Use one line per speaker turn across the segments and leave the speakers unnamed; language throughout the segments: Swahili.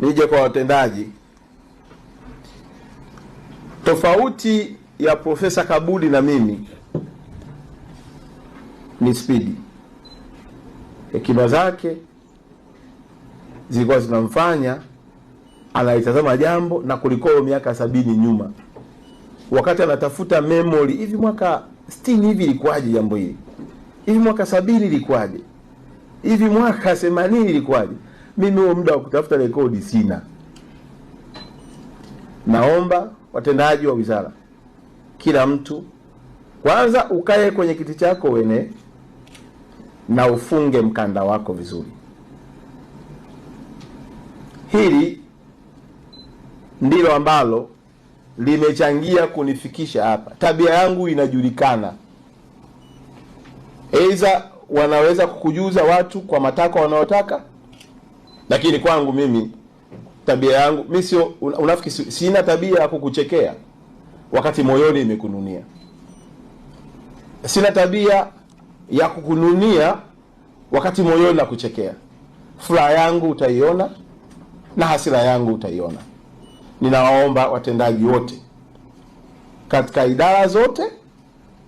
nije kwa watendaji. Tofauti ya Profesa Kabudi na mimi ni spidi. Hekima zake zilikuwa zinamfanya anaitazama jambo na kuliko miaka sabini nyuma, wakati anatafuta memory, hivi mwaka sitini hivi ilikuwaje jambo hili, hivi mwaka sabini ilikuwaje, hivi mwaka themanini ilikuwaje? Mimi huo muda wa kutafuta rekodi sina. Naomba watendaji wa wizara, kila mtu kwanza ukae kwenye kiti chako wene na ufunge mkanda wako vizuri. Hili ndilo ambalo limechangia kunifikisha hapa. Tabia yangu inajulikana, aidha wanaweza kukujuza watu kwa matakwa wanayotaka lakini kwangu mimi tabia yangu mimi sio unafiki, sina tabia ya kukuchekea wakati moyoni imekununia. Sina tabia ya kukununia wakati moyoni nakuchekea. Furaha yangu utaiona na hasira yangu utaiona. Ninawaomba watendaji wote katika idara zote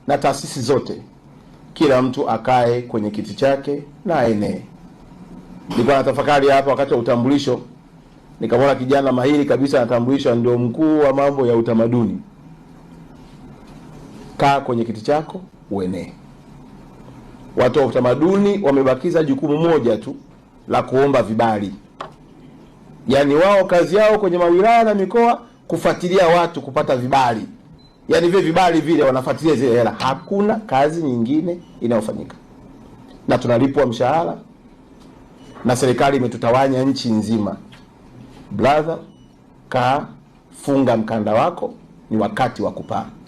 na taasisi zote, kila mtu akae kwenye kiti chake na aenee. Nilikuwa natafakari hapa wakati wa utambulisho, nikamwona kijana mahiri kabisa anatambulishwa, ndio mkuu wa mambo ya utamaduni. Kaa kwenye kiti chako uenee. Watu wa utamaduni wamebakiza jukumu moja tu la kuomba vibali, yaani wao kazi yao kwenye mawilaya na mikoa kufuatilia watu kupata vibali, yaani vile vibali vile wanafuatilia zile hela. Hakuna kazi nyingine inayofanyika na tunalipwa mshahara na serikali imetutawanya nchi nzima. Brother, kaa, funga mkanda wako, ni wakati wa kupaa.